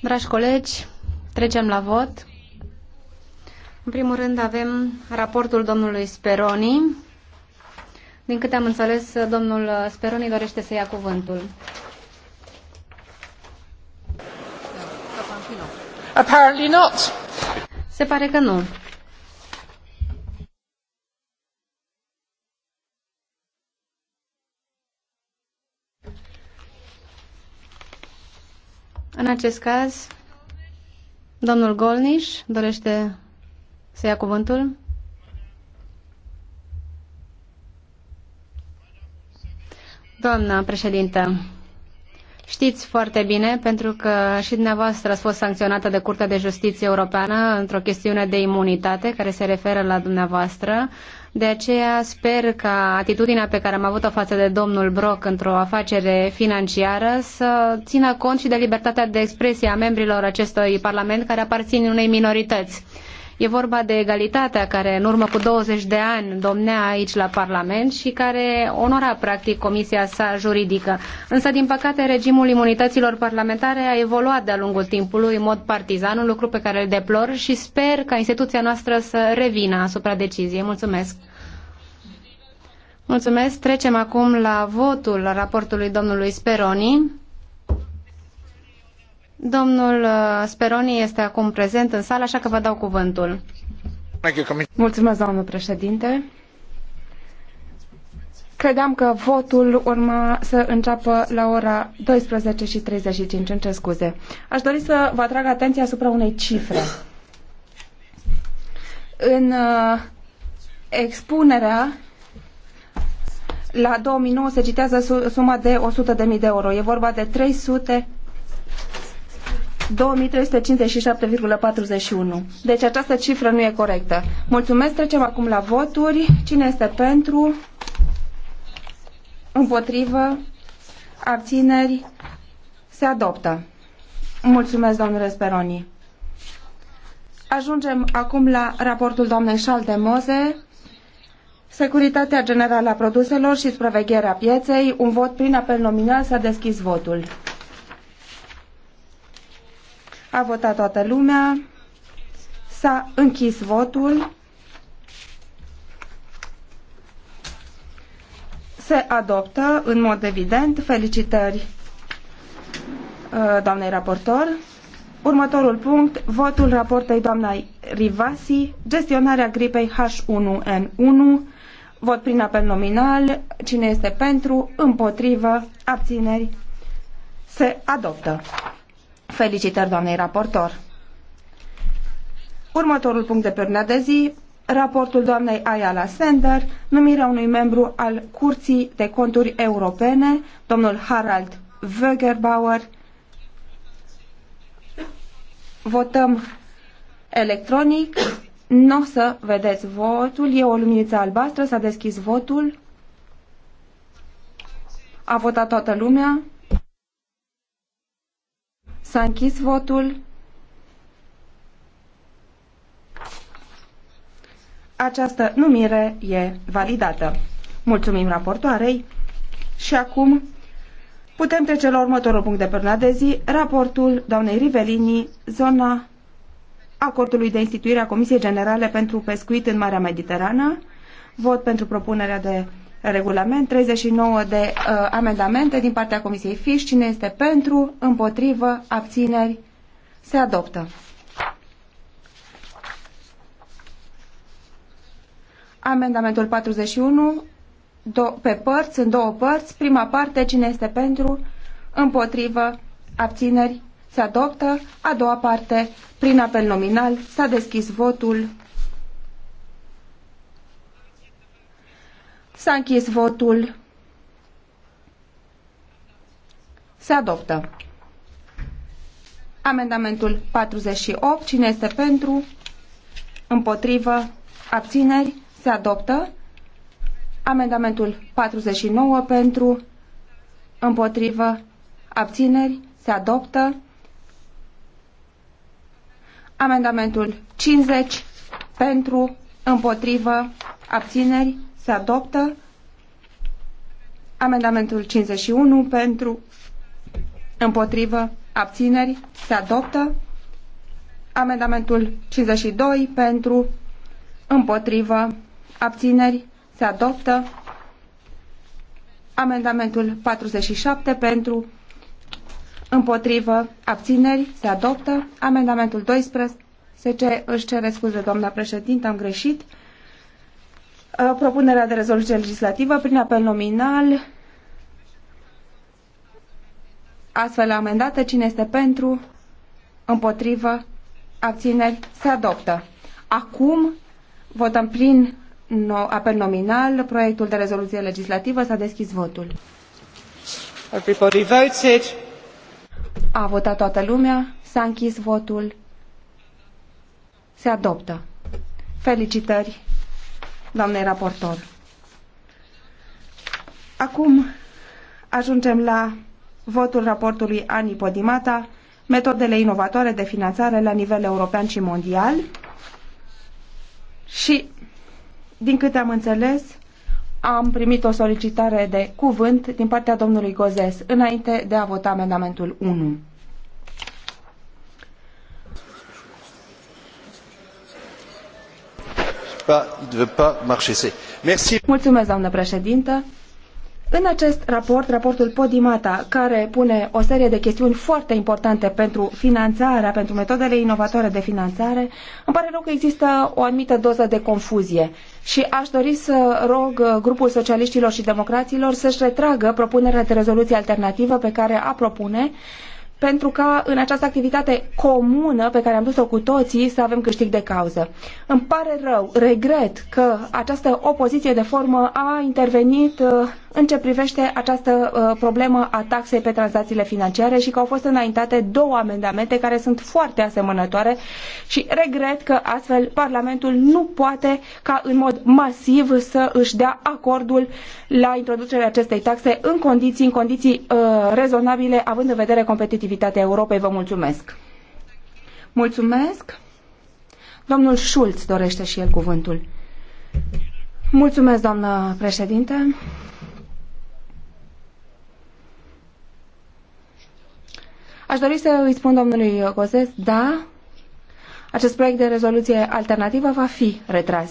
Dragi colegi, trecem la vot. În primul rând avem raportul domnului Speroni. Din câte am înțeles, domnul Speroni dorește să ia cuvântul. Apparently not. Se pare că nu. acest caz, domnul Golniș dorește să ia cuvântul. Doamna președintă, știți foarte bine, pentru că și dumneavoastră ați fost sancționată de Curtea de Justiție Europeană într-o chestiune de imunitate care se referă la dumneavoastră, de aceea sper ca atitudinea pe care am avut-o față de domnul Brock într-o afacere financiară să țină cont și de libertatea de expresie a membrilor acestui parlament care aparțin unei minorități. E vorba de egalitatea care în urmă cu 20 de ani domnea aici la Parlament și care onora practic comisia sa juridică. Însă, din păcate, regimul imunităților parlamentare a evoluat de-a lungul timpului în mod partizan, un lucru pe care îl deplor și sper ca instituția noastră să revină asupra deciziei. Mulțumesc! Mulțumesc. Trecem acum la votul raportului domnului Speroni. Domnul uh, Speroni este acum prezent în sală, așa că vă dau cuvântul. Mulțumesc, doamnă președinte. Credeam că votul urma să înceapă la ora 12 și 35. Îmi cer scuze. Aș dori să vă atrag atenția asupra unei cifre. În uh, expunerea la 2009 se citează suma de 100.000 de euro. E vorba de 300 2357,41. Deci această cifră nu e corectă. Mulțumesc, trecem acum la voturi. Cine este pentru? Împotrivă? Abțineri? Se adoptă. Mulțumesc, domnule Speroni. Ajungem acum la raportul doamnei Șalde Moze. Securitatea generală a produselor și supravegherea pieței, un vot prin apel nominal s-a deschis votul. A votat toată lumea. S-a închis votul. Se adoptă, în mod evident, felicitări uh, doamnei raportor. Următorul punct, votul raportei doamnei Rivasi, gestionarea gripei H1N1, vot prin apel nominal, cine este pentru, împotrivă, abțineri, se adoptă. Felicitări doamnei raportor. Următorul punct de pe de zi, raportul doamnei Ayala Sender, numirea unui membru al Curții de Conturi Europene, domnul Harald Wögerbauer. Votăm electronic. Nu o să vedeți votul. E o luminiță albastră. S-a deschis votul. A votat toată lumea. S-a închis votul. Această numire e validată. Mulțumim raportoarei și acum putem trece la următorul punct de până de zi, raportul doamnei Rivelini, zona acordului de instituire a Comisiei Generale pentru Pescuit în Marea Mediterană, vot pentru propunerea de regulament, 39 de uh, amendamente din partea Comisiei FIS. Cine este pentru, împotrivă, abțineri, se adoptă. Amendamentul 41, do- pe părți, în două părți. Prima parte, cine este pentru, împotrivă, abțineri, se adoptă. A doua parte, prin apel nominal, s-a deschis votul. S-a închis votul. Se adoptă. Amendamentul 48. Cine este pentru? Împotrivă? Abțineri? Se adoptă. Amendamentul 49 pentru? Împotrivă? Abțineri? Se adoptă. Amendamentul 50 pentru? Împotrivă? Abțineri? Se adoptă amendamentul 51 pentru împotrivă abțineri. Se adoptă amendamentul 52 pentru împotrivă abțineri. Se adoptă amendamentul 47 pentru Împotrivă, abțineri, se adoptă. Amendamentul 12. ce își cere scuze, doamna președintă, am greșit. Uh, propunerea de rezoluție legislativă prin apel nominal astfel amendată. Cine este pentru? Împotrivă? Abțineri? Se adoptă. Acum votăm prin apel nominal proiectul de rezoluție legislativă. S-a deschis votul. Everybody voted. A votat toată lumea. S-a închis votul. Se adoptă. Felicitări doamnei raportor. Acum ajungem la votul raportului Ani Podimata, metodele inovatoare de finanțare la nivel european și mondial. Și, din câte am înțeles, am primit o solicitare de cuvânt din partea domnului Gozes înainte de a vota amendamentul 1. Mulțumesc, În acest raport, raportul Podimata, care pune o serie de chestiuni foarte importante pentru finanțarea, pentru metodele inovatoare de finanțare, îmi pare rău că există o anumită doză de confuzie și aș dori să rog uh, grupul socialiștilor și democraților să-și retragă propunerea de rezoluție alternativă pe care a propune pentru ca în această activitate comună pe care am dus-o cu toții să avem câștig de cauză. Îmi pare rău, regret că această opoziție de formă a intervenit uh, în ce privește această uh, problemă a taxei pe tranzacțiile financiare și că au fost înaintate două amendamente care sunt foarte asemănătoare și regret că astfel Parlamentul nu poate ca în mod masiv să își dea acordul la introducerea acestei taxe în condiții, în condiții uh, rezonabile, având în vedere competitivitatea Europei. Vă mulțumesc! Mulțumesc! Domnul Schulz dorește și el cuvântul. Mulțumesc, doamnă președinte. Aș dori să îi spun domnului Gozes, da, acest proiect de rezoluție alternativă va fi retras.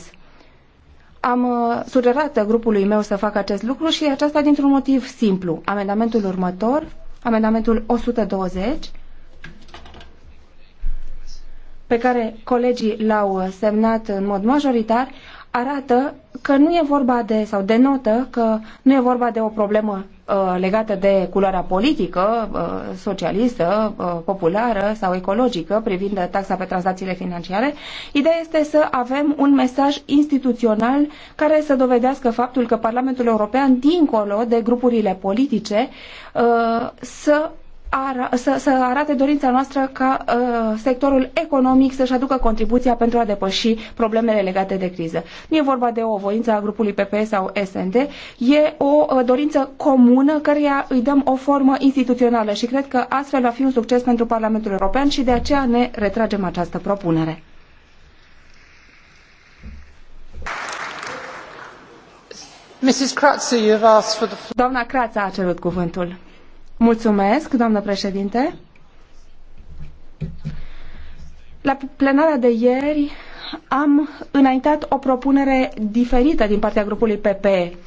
Am uh, sugerat grupului meu să facă acest lucru și aceasta dintr-un motiv simplu. Amendamentul următor, amendamentul 120, pe care colegii l-au semnat în mod majoritar, arată că nu e vorba de, sau denotă că nu e vorba de o problemă uh, legată de culoarea politică, uh, socialistă, uh, populară sau ecologică privind taxa pe tranzacțiile financiare. Ideea este să avem un mesaj instituțional care să dovedească faptul că Parlamentul European, dincolo de grupurile politice, uh, să ara, să, să arate dorința noastră ca uh, sectorul economic să-și aducă contribuția pentru a depăși problemele legate de criză. Nu e vorba de o voință a grupului PPE sau SND, e o uh, dorință comună căreia îi dăm o formă instituțională și cred că astfel va fi un succes pentru Parlamentul European și de aceea ne retragem această propunere. Mrs. Kratzy, you've asked for the... Doamna Crața a cerut cuvântul. Mulțumesc, doamnă președinte. La plenarea de ieri am înaintat o propunere diferită din partea grupului PPE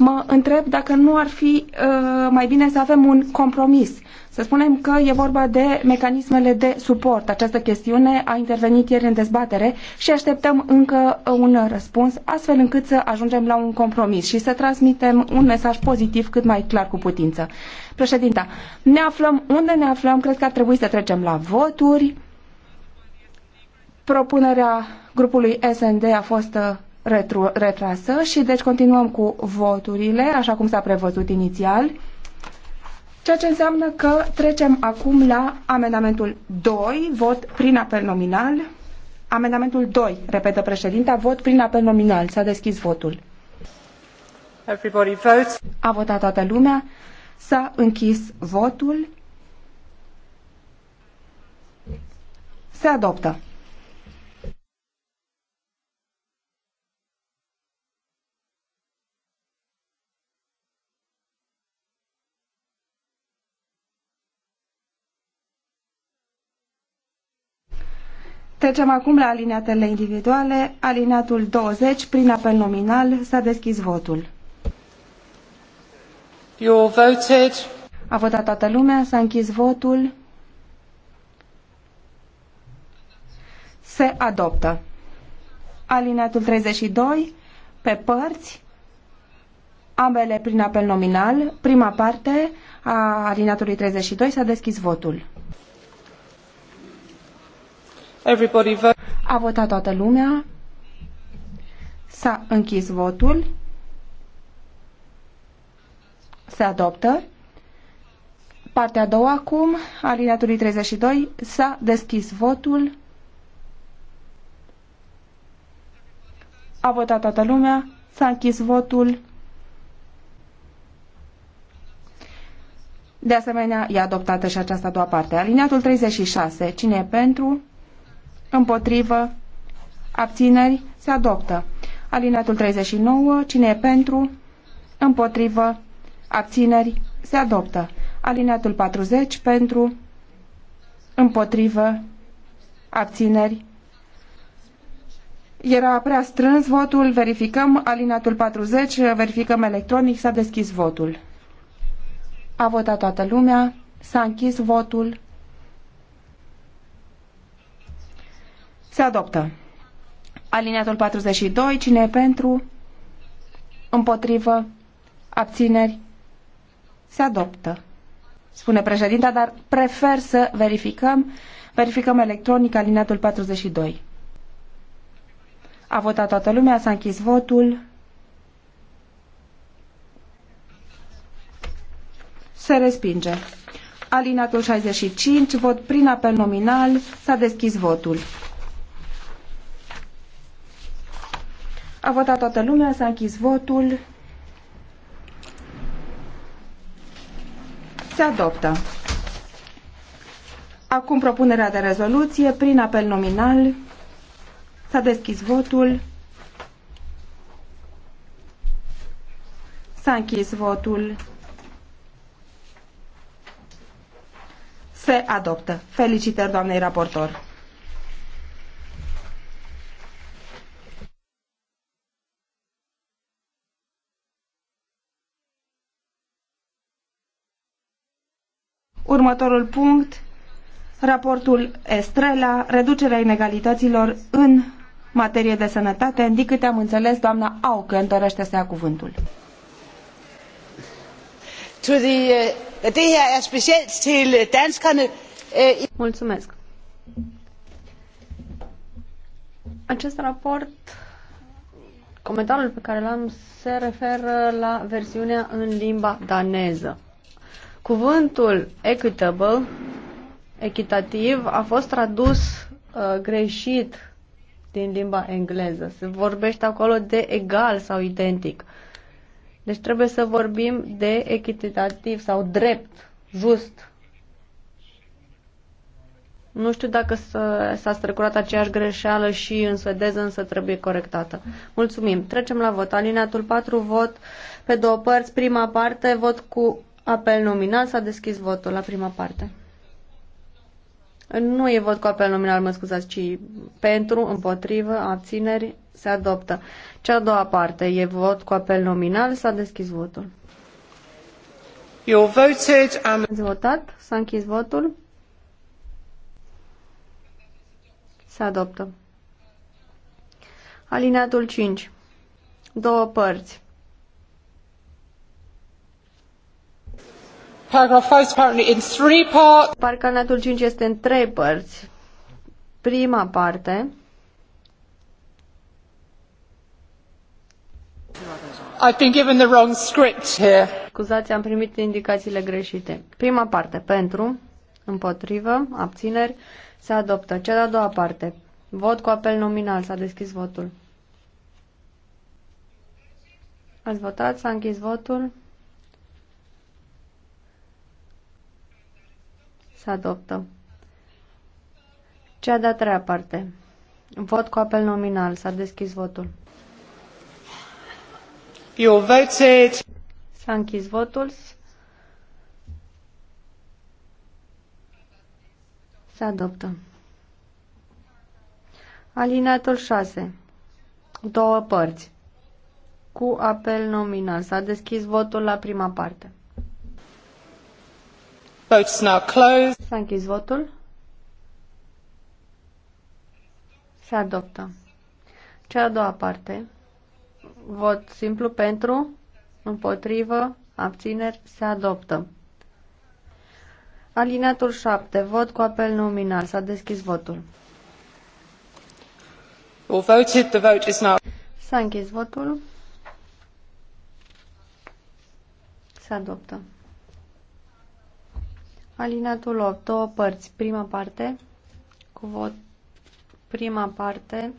mă întreb dacă nu ar fi uh, mai bine să avem un compromis. Să spunem că e vorba de mecanismele de suport. Această chestiune a intervenit ieri în dezbatere și așteptăm încă un răspuns, astfel încât să ajungem la un compromis și să transmitem un mesaj pozitiv cât mai clar cu putință. Președinta, ne aflăm unde ne aflăm, cred că ar trebui să trecem la voturi. Propunerea grupului SND a fost uh, retru, retrasă și deci continuăm cu voturile, așa cum s-a prevăzut inițial, ceea ce înseamnă că trecem acum la amendamentul 2, vot prin apel nominal. Amendamentul 2, repetă președinta, vot prin apel nominal. S-a deschis votul. Everybody votes. A votat toată lumea. S-a închis votul. Se adoptă. Trecem acum la alineatele individuale. Alineatul 20, prin apel nominal, s-a deschis votul. You voted. A votat toată lumea, s-a închis votul. Se adoptă. Alineatul 32, pe părți, ambele prin apel nominal. Prima parte a alineatului 32 s-a deschis votul. A votat toată lumea. S-a închis votul. Se adoptă. Partea a doua acum, alineatului 32, s-a deschis votul. A votat toată lumea, s-a închis votul. De asemenea, e adoptată și această a doua parte. Alineatul 36, cine e pentru? împotrivă, abțineri, se adoptă. Alineatul 39, cine e pentru, împotrivă, abțineri, se adoptă. Alineatul 40, pentru, împotrivă, abțineri. Era prea strâns votul, verificăm alineatul 40, verificăm electronic, s-a deschis votul. A votat toată lumea, s-a închis votul. Se adoptă. Aliniatul 42. Cine e pentru? Împotrivă? Abțineri? Se adoptă. Spune președinta, dar prefer să verificăm. Verificăm electronic aliniatul 42. A votat toată lumea, s-a închis votul. Se respinge. Alinatul 65, vot prin apel nominal, s-a deschis votul. A votat toată lumea, s-a închis votul. Se adoptă. Acum propunerea de rezoluție prin apel nominal. S-a deschis votul. S-a închis votul. Se adoptă. Felicitări doamnei raportor. Următorul punct, raportul Estrela, reducerea inegalităților în materie de sănătate. Din câte am înțeles, doamna Aucă întărește să ia cuvântul. Uh, er uh, uh, Mulțumesc. Acest raport, comentariul pe care l-am, se referă la versiunea în limba daneză. Cuvântul equitable, echitativ, a fost tradus uh, greșit din limba engleză. Se vorbește acolo de egal sau identic. Deci trebuie să vorbim de echitativ sau drept, just. Nu știu dacă s-a strecurat aceeași greșeală și în suedeză, însă trebuie corectată. Mulțumim. Trecem la vot. Alineatul 4, vot pe două părți. Prima parte, vot cu Apel nominal s-a deschis votul la prima parte. Nu e vot cu apel nominal, mă scuzați, ci pentru, împotrivă, abțineri, se adoptă. Cea a doua parte e vot cu apel nominal, s-a deschis votul. You're voted and... Ați votat, s-a închis votul. Se adoptă. Alineatul 5. Două părți. Paragraph Parcanatul 5 este în trei părți. Prima parte. I've been given the wrong script here. Scuzați, am primit indicațiile greșite. Prima parte pentru, împotrivă, abțineri, se adoptă. Cea de-a doua parte. Vot cu apel nominal. S-a deschis votul. Ați votat, s-a închis votul. Se adoptă. Cea de-a treia parte. Vot cu apel nominal. S-a deschis votul. You voted. S-a închis votul. Se adoptă. Alineatul 6. Două părți. Cu apel nominal. S-a deschis votul la prima parte. Votes now closed. S-a închis votul. Se adoptă. Cea a doua parte. Vot simplu pentru, împotrivă, abțineri, se adoptă. Alineatul 7. Vot cu apel nominal. S-a deschis votul. voted. The vote is now. S-a închis votul. Se adoptă. Alinatul 8, două părți. Prima parte, cu vot, prima parte.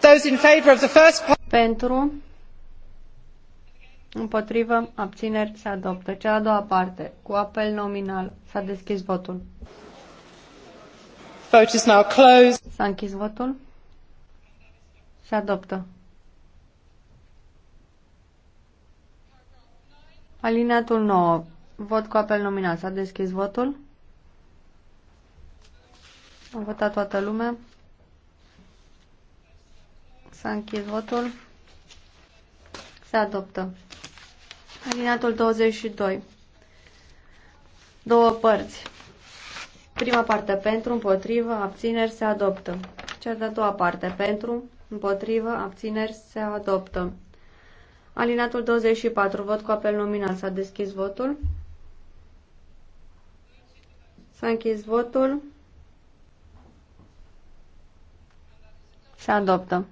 Those in favor of the first part. Pentru, împotrivă, abțineri, se adoptă. Cea a doua parte, cu apel nominal, s-a deschis votul. Vote is now closed. S-a închis votul. Se adoptă. Alineatul 9. Vot cu apel nominal. S-a deschis votul. A votat toată lumea. S-a închis votul. Se adoptă. Alineatul 22. Două părți. Prima parte pentru, împotrivă, abțineri, se adoptă. Cea de-a doua parte pentru, împotrivă, abțineri, se adoptă. Alinatul 24, vot cu apel nominal. S-a deschis votul. S-a închis votul. Se adoptă.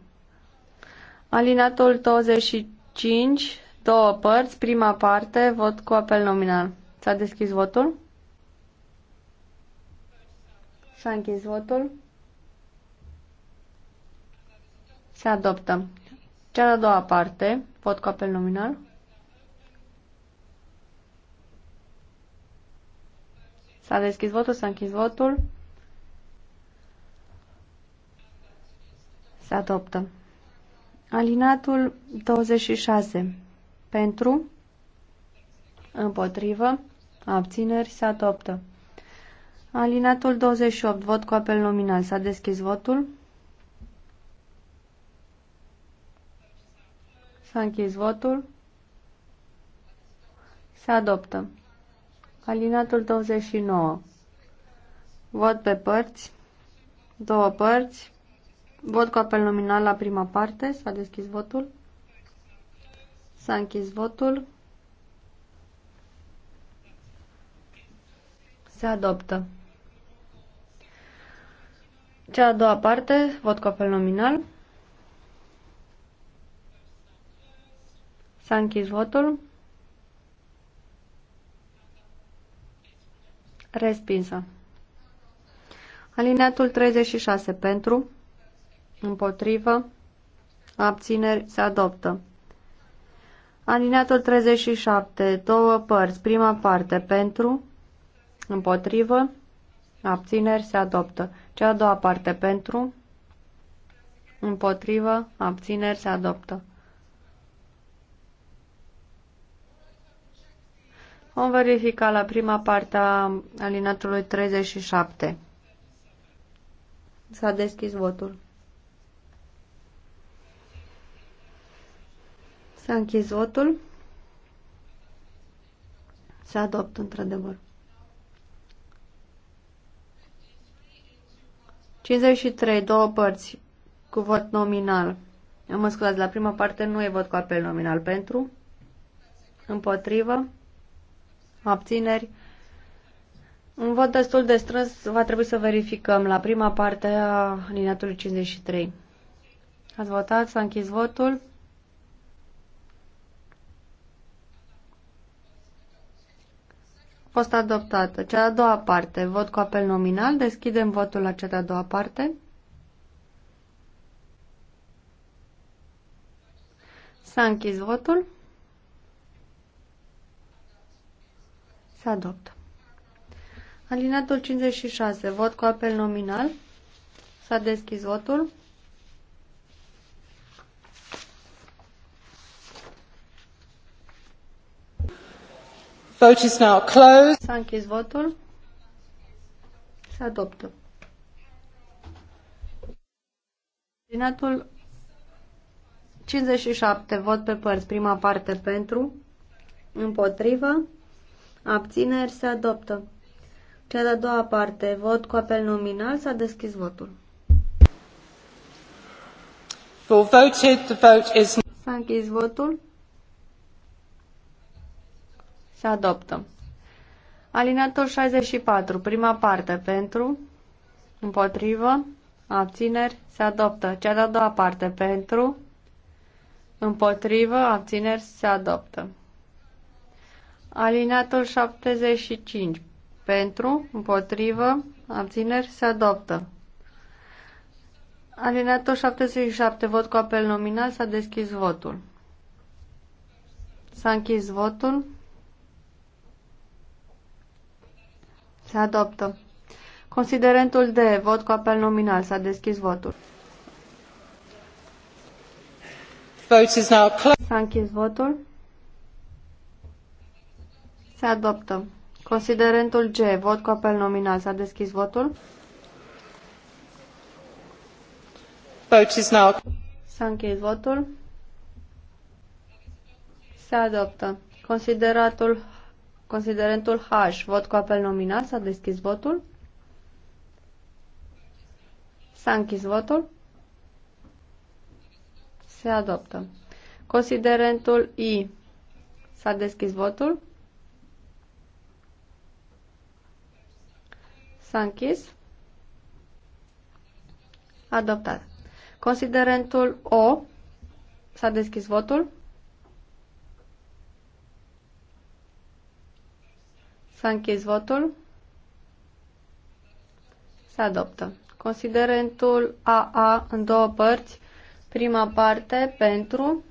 Alinatul 25, două părți, prima parte, vot cu apel nominal. S-a deschis votul. S-a închis votul. Se adoptă. Cea de-a doua parte, vot cu apel nominal. S-a deschis votul, s-a închis votul. Se adoptă. Alinatul 26. Pentru, împotrivă, abțineri, se adoptă. Alinatul 28. Vot cu apel nominal. S-a deschis votul. S-a închis votul. Se adoptă. Alinatul 29. Vot pe părți. Două părți. Vot cu apel nominal la prima parte. S-a deschis votul. S-a închis votul. Se adoptă. Cea a doua parte, vot cu apel nominal. S-a închis votul. Respinsă. Alineatul 36 pentru, împotrivă, abțineri, se adoptă. Alineatul 37, două părți, prima parte pentru, împotrivă, abțineri, se adoptă. Cea a doua parte pentru, împotrivă, abțineri, se adoptă. Vom verifica la prima parte a alinatului 37. S-a deschis votul. S-a închis votul. Se adoptă într-adevăr. 53, două părți cu vot nominal. Mă scuzați, la prima parte nu e vot cu apel nominal pentru, împotrivă, abțineri. Un vot destul de strâns va trebui să verificăm la prima parte a liniatului 53. Ați votat, s-a închis votul. A fost adoptată. Cea a doua parte, vot cu apel nominal. Deschidem votul la cea a doua parte. S-a închis votul. Se adoptă. Alinatul 56. Vot cu apel nominal. S-a deschis votul. Vote is now closed. S-a închis votul. Se adoptă. Alinatul 57. Vot pe părți. Prima parte pentru. Împotrivă. Abțineri se adoptă. Cea de-a doua parte, vot cu apel nominal, s-a deschis votul. S-a închis votul. Se adoptă. Alinatul 64, prima parte, pentru, împotrivă, abțineri, se adoptă. Cea de-a doua parte, pentru, împotrivă, abțineri, se adoptă. Alineatul 75. Pentru, împotrivă, abțineri, se adoptă. Alineatul 77. Vot cu apel nominal. S-a deschis votul. S-a închis votul. Se adoptă. Considerentul de vot cu apel nominal. S-a deschis votul. S-a închis votul. Se adoptă. Considerentul G. Vot cu apel nominal. S-a deschis votul. Vote is now. S-a încheiat votul. Se adoptă. Consideratul, considerentul H. Vot cu apel nominal. S-a deschis votul. S-a închis votul. Se adoptă. Considerentul I. S-a deschis votul. S-a închis. Adoptat. Considerentul O. S-a deschis votul. S-a închis votul. Se adoptă. Considerentul AA în două părți. Prima parte pentru,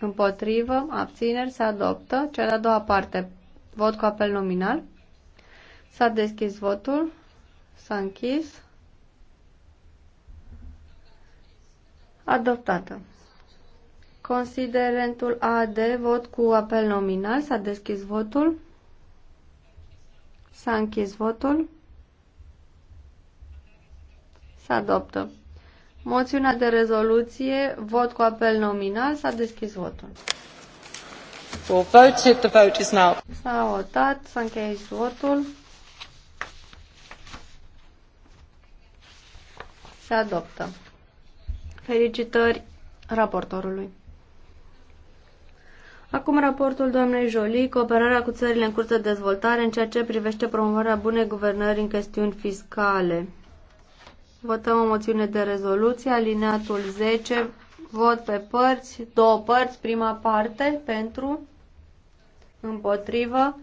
împotrivă, abțineri, se adoptă. Cea de-a doua parte, vot cu apel nominal. S-a deschis votul. S-a închis. Adoptată. Considerentul AD, vot cu apel nominal, s-a deschis votul. S-a închis votul. s-a adoptă. Moțiunea de rezoluție, vot cu apel nominal, s-a deschis votul. Voted, the vote is now. S-a votat, s-a încheiat votul. Se adoptă. Felicitări raportorului. Acum raportul doamnei Jolie, cooperarea cu țările în curs de dezvoltare în ceea ce privește promovarea bunei guvernări în chestiuni fiscale. Votăm o moțiune de rezoluție, alineatul 10, vot pe părți, două părți, prima parte, pentru, împotrivă,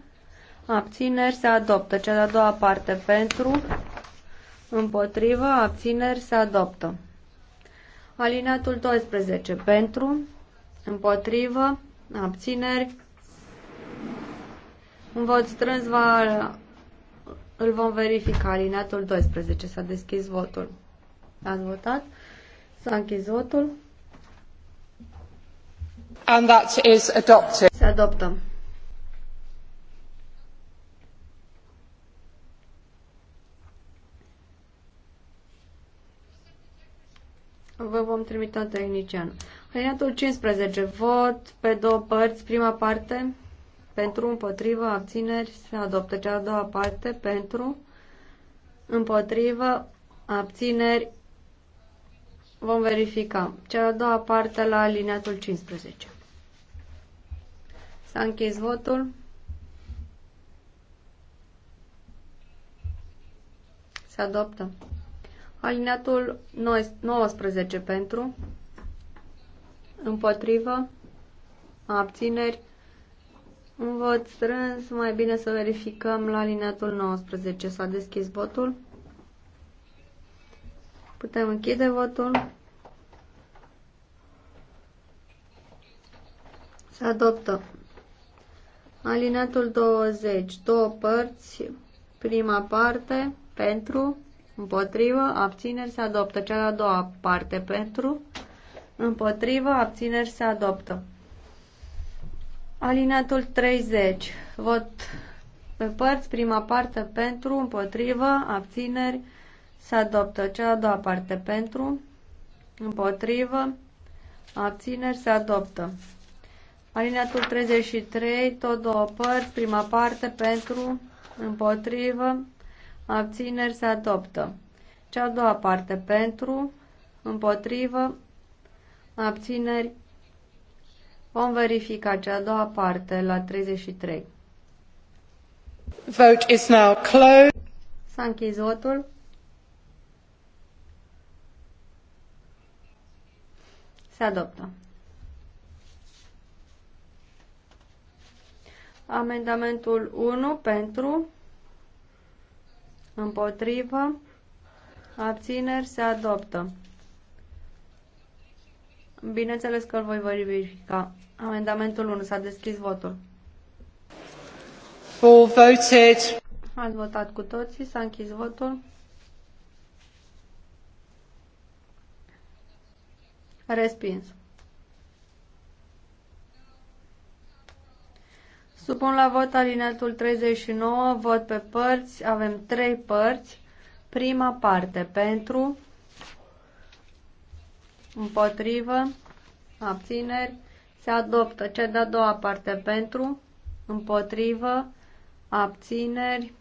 abțineri, se adoptă. Cea de-a doua parte, pentru, Împotrivă, abțineri, se adoptă. Alineatul 12. Pentru, împotrivă, abțineri. Un vot strâns va... Îl vom verifica. Alineatul 12. S-a deschis votul. Ați votat? S-a închis votul. And that is adopted. Se adoptă. Vă vom trimite tehnician. Alineatul 15. Vot pe două părți. Prima parte pentru, împotrivă, abțineri. Se adoptă cea a doua parte pentru, împotrivă, abțineri. Vom verifica. Cea a doua parte la alineatul 15. S-a închis votul. Se adoptă. Alineatul 19 pentru, împotrivă, abțineri, un vot strâns, mai bine să verificăm la alineatul 19. S-a deschis votul. Putem închide votul. Se adoptă. Alineatul 20. Două părți. Prima parte pentru, Împotrivă, abțineri se adoptă. Cea de-a doua parte pentru. Împotrivă, abțineri se adoptă. Alineatul 30. Vot pe părți, prima parte pentru, împotrivă, abțineri se adoptă. Cea de-a doua parte pentru, împotrivă, abțineri se adoptă. Alineatul 33, tot două părți, prima parte pentru, împotrivă, abțineri se adoptă. Cea a doua parte pentru, împotrivă, abțineri. Vom verifica cea a doua parte la 33. Vote is now closed. S-a închis votul. Se adoptă. Amendamentul 1 pentru Împotrivă. Abțineri se adoptă. Bineînțeles că îl voi verifica. Amendamentul 1. S-a deschis votul. All voted. Ați votat cu toții. S-a închis votul. Respins. Supun la vot alineatul 39, vot pe părți, avem trei părți. Prima parte pentru, împotrivă, abțineri, se adoptă. Cea de-a doua parte pentru, împotrivă, abțineri,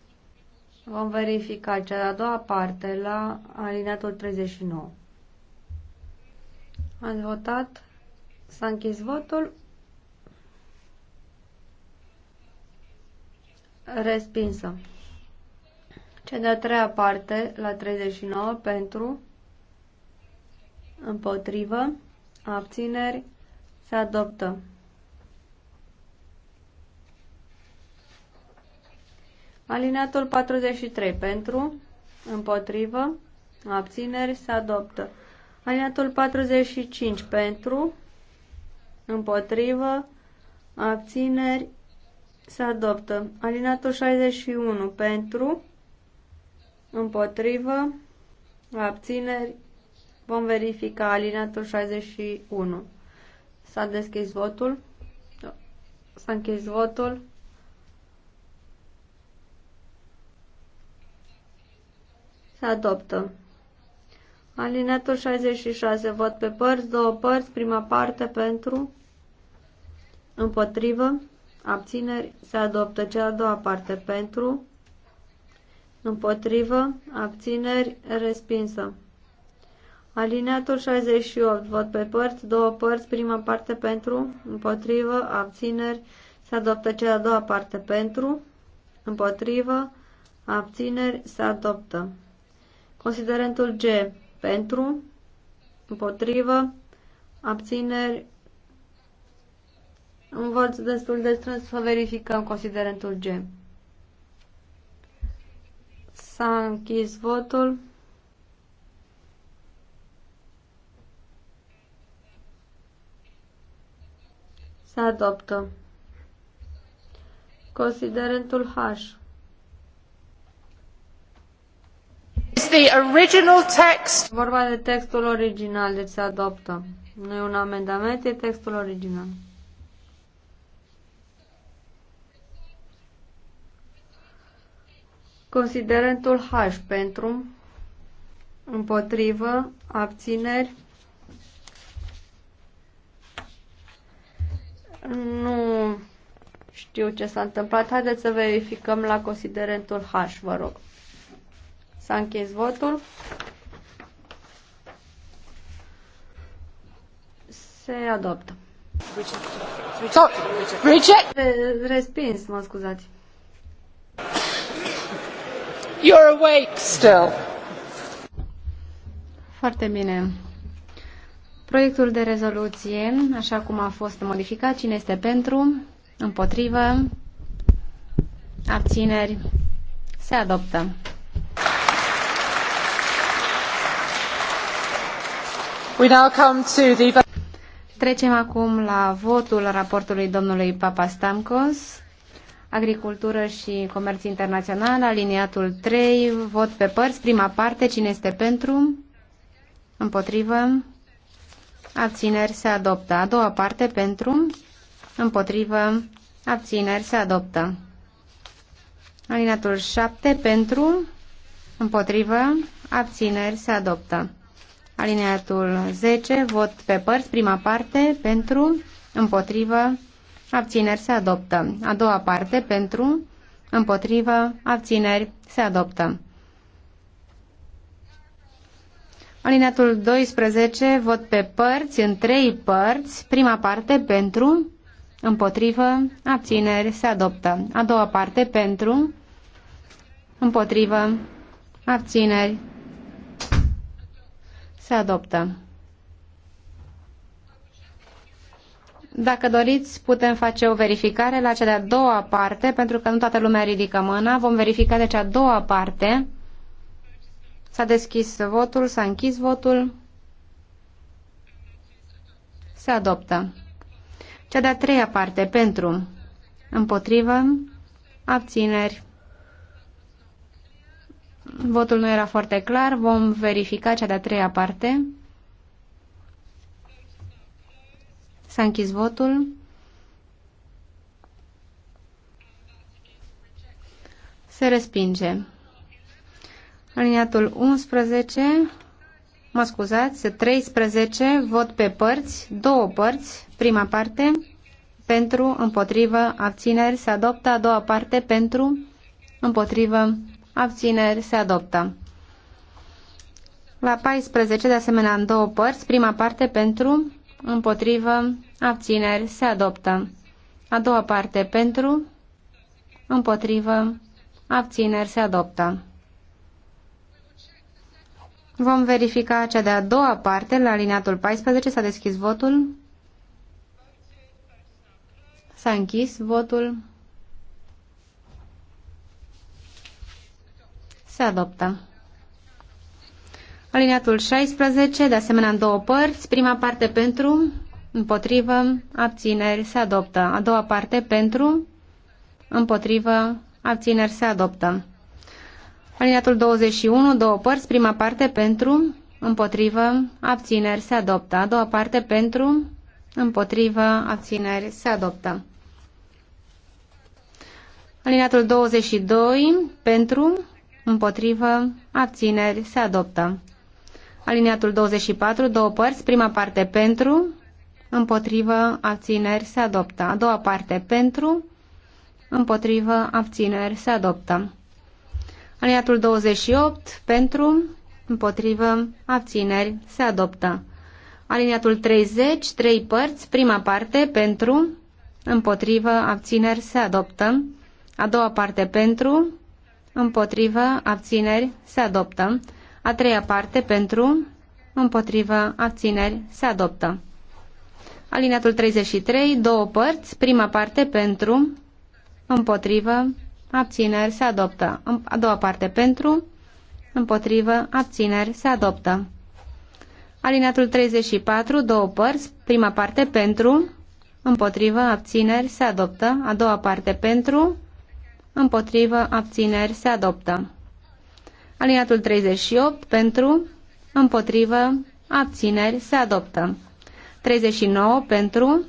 vom verifica cea de-a doua parte la alineatul 39. Ați votat? S-a închis votul. Respinsă. Cea de-a treia parte, la 39, pentru, împotrivă, abțineri, se adoptă. Alineatul 43, pentru, împotrivă, abțineri, se adoptă. Alineatul 45, pentru, împotrivă, abțineri, se adoptă. Alinatul 61 pentru, împotrivă, abțineri. Vom verifica alinatul 61. S-a deschis votul. S-a închis votul. Se adoptă. Alinatul 66. Vot pe părți, două părți, prima parte pentru, împotrivă, abțineri, se adoptă cea a doua parte pentru, împotrivă, abțineri, respinsă. Alineatul 68, vot pe părți, două părți, prima parte pentru, împotrivă, abțineri, se adoptă cea a doua parte pentru, împotrivă, abțineri, se adoptă. Considerentul G, pentru, împotrivă, abțineri, un vot destul de strâns să verificăm considerentul G. S-a închis votul. Se adoptă. Considerentul H. The original text. Vorba de textul original, deci se adoptă. Nu e un amendament, e textul original. Considerentul H pentru, împotrivă, abțineri. Nu știu ce s-a întâmplat. Haideți să verificăm la considerentul H, vă rog. S-a închis votul. Se adoptă. Reject. Reject. Respins, mă scuzați. Foarte bine. Proiectul de rezoluție, așa cum a fost modificat, cine este pentru, împotrivă, abțineri, se adoptă. We now come to the... Trecem acum la votul raportului domnului Papastamkos agricultură și comerț internațional, aliniatul 3, vot pe părți, prima parte, cine este pentru, împotrivă, abțineri se adoptă, a doua parte pentru, împotrivă, abțineri se adoptă. Aliniatul 7 pentru, împotrivă, abțineri se adoptă. Alineatul 10, vot pe părți, prima parte, pentru, împotrivă, abțineri se adoptă. A doua parte pentru, împotrivă, abțineri se adoptă. Alineatul 12, vot pe părți, în trei părți, prima parte pentru, împotrivă, abțineri se adoptă. A doua parte pentru, împotrivă, abțineri se adoptă. Dacă doriți, putem face o verificare la cea de-a doua parte, pentru că nu toată lumea ridică mâna. Vom verifica de cea a doua parte. S-a deschis votul, s-a închis votul. Se adoptă. Cea de-a treia parte, pentru, împotrivă, abțineri. Votul nu era foarte clar, vom verifica cea de-a treia parte. S-a închis votul. Se respinge. Aliniatul 11, mă scuzați, 13, vot pe părți, două părți, prima parte, pentru, împotrivă, abțineri, se adoptă, a doua parte, pentru, împotrivă, abțineri, se adoptă. La 14, de asemenea, în două părți, prima parte pentru, împotrivă, abțineri, se adoptă. A doua parte pentru, împotrivă, abțineri, se adoptă. Vom verifica cea de-a doua parte la alineatul 14. S-a deschis votul. S-a închis votul. Se adoptă. Alineatul 16, de asemenea în două părți. Prima parte pentru, împotrivă, abțineri, se adoptă. A doua parte, pentru, împotrivă, abțineri, se adoptă. Alineatul 21, două părți, prima parte, pentru, împotrivă, abțineri, se adoptă. A doua parte, pentru, împotrivă, abțineri, se adoptă. Alineatul 22, pentru, împotrivă, abțineri, se adoptă. Aliniatul 24, două părți, prima parte pentru, împotrivă, abțineri, se adoptă. A doua parte, pentru, împotrivă, abțineri, se adoptă. Aliatul 28, pentru, împotrivă, abțineri, se adoptă. Aliniatul 30, trei părți, prima parte, pentru, împotrivă, abțineri, se adoptă. A doua parte, pentru, împotrivă, abțineri, se adoptă. A treia parte, pentru, împotrivă, abțineri, se adoptă. Alineatul 33, două părți, prima parte pentru, împotrivă, abțineri, se adoptă. A doua parte pentru, împotrivă, abțineri, se adoptă. Alineatul 34, două părți, prima parte pentru, împotrivă, abțineri, se adoptă. A doua parte pentru, împotrivă, abțineri, se adoptă. Alineatul 38, pentru, împotrivă, abțineri, se adoptă. 39 pentru,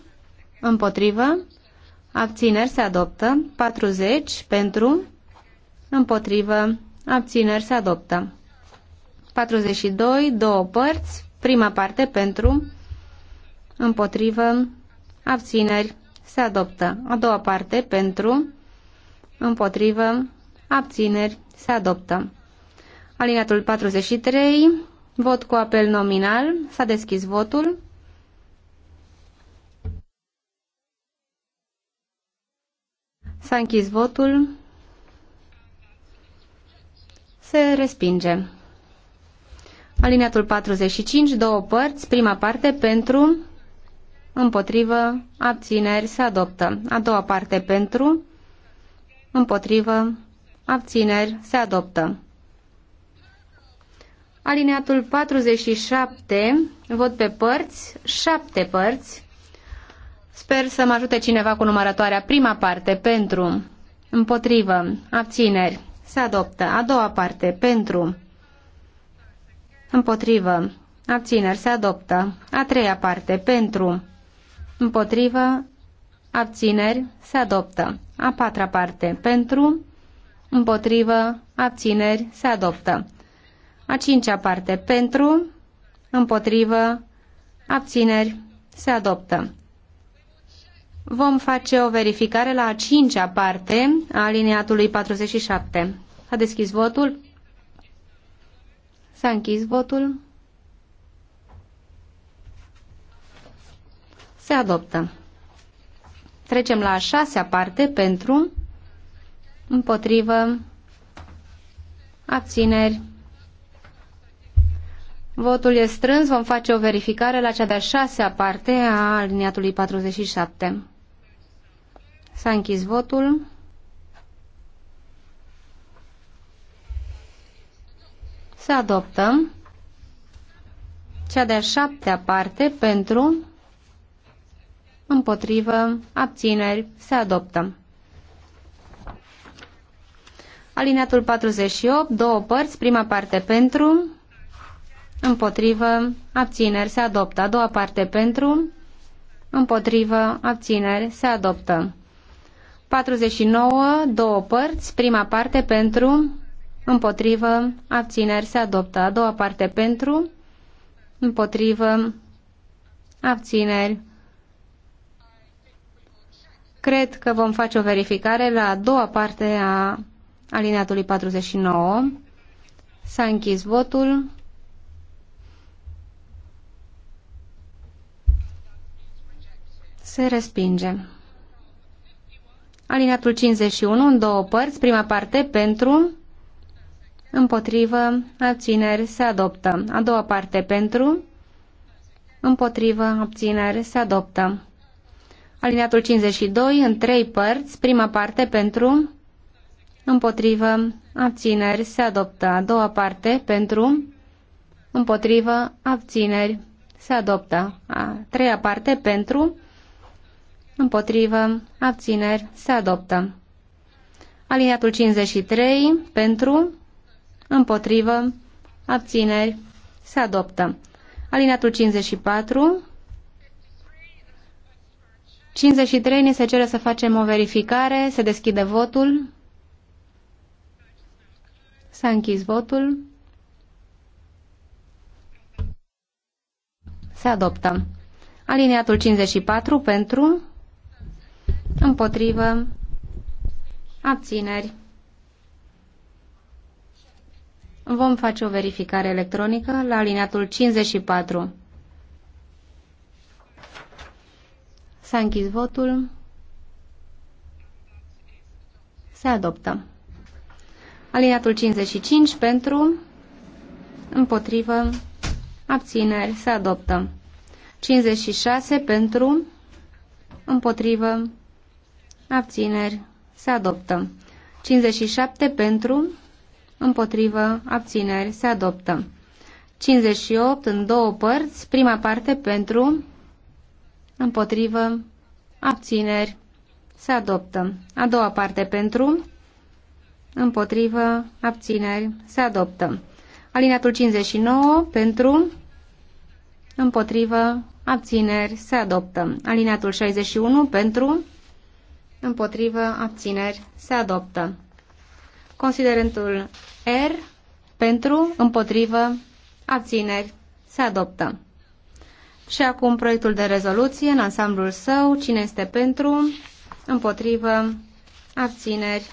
împotrivă, abțineri se adoptă. 40 pentru, împotrivă, abțineri se adoptă. 42, două părți, prima parte pentru, împotrivă, abțineri se adoptă. A doua parte pentru, împotrivă, abțineri se adoptă. Alineatul 43, vot cu apel nominal, s-a deschis votul. S-a închis votul. Se respinge. Alineatul 45, două părți, prima parte pentru, împotrivă, abțineri, se adoptă. A doua parte pentru, împotrivă, abțineri, se adoptă. Alineatul 47, vot pe părți, șapte părți, Sper să mă ajute cineva cu numărătoarea. Prima parte, pentru, împotrivă, abțineri, se adoptă. A doua parte, pentru, împotrivă, abțineri, se adoptă. A treia parte, pentru, împotrivă, abțineri, se adoptă. A patra parte, pentru, împotrivă, abțineri, se adoptă. A cincea parte, pentru, împotrivă, abțineri, se adoptă. Vom face o verificare la a cincea parte a alineatului 47. S-a deschis votul. S-a închis votul. Se adoptă. Trecem la a șasea parte pentru, împotrivă, abțineri. Votul e strâns, vom face o verificare la cea de-a șasea parte a aliniatului 47. S-a închis votul. Se adoptă cea de-a șaptea parte pentru, împotrivă, abțineri, se adoptă. Alineatul 48, două părți, prima parte pentru, împotrivă, abțineri, se adoptă. A doua parte pentru, împotrivă, abțineri, se adoptă. 49, două părți, prima parte pentru, împotrivă, abțineri se adoptă. A doua parte pentru, împotrivă, abțineri. Cred că vom face o verificare la a doua parte a alineatului 49. S-a închis votul. Se respinge. Alineatul 51 în două părți, prima parte pentru, împotrivă, abțineri, se adoptă. A doua parte pentru, împotrivă, abțineri, se adoptă. Alineatul 52 în trei părți, prima parte pentru, împotrivă, abțineri, se adoptă. A doua parte pentru, împotrivă, abțineri, se adoptă. A treia parte pentru, împotrivă, abțineri, se adoptă. Aliniatul 53, pentru, împotrivă, abțineri, se adoptă. Aliniatul 54, 53 ne se cere să facem o verificare, se deschide votul. S-a închis votul. Se adoptă. Aliniatul 54 pentru, împotrivă, abțineri. Vom face o verificare electronică la alineatul 54. S-a închis votul. Se adoptă. Alineatul 55 pentru, împotrivă, abțineri, se adoptă. 56 pentru, împotrivă, abțineri, se adoptă. 57 pentru, împotrivă, abțineri, se adoptă. 58 în două părți, prima parte pentru, împotrivă, abțineri, se adoptă. A doua parte pentru, împotrivă, abțineri, se adoptă. Alineatul 59 pentru, împotrivă, abțineri, se adoptă. Alineatul 61 pentru, împotrivă, abțineri, se adoptă. Considerentul R, pentru, împotrivă, abțineri, se adoptă. Și acum proiectul de rezoluție în ansamblul său, cine este pentru, împotrivă, abțineri,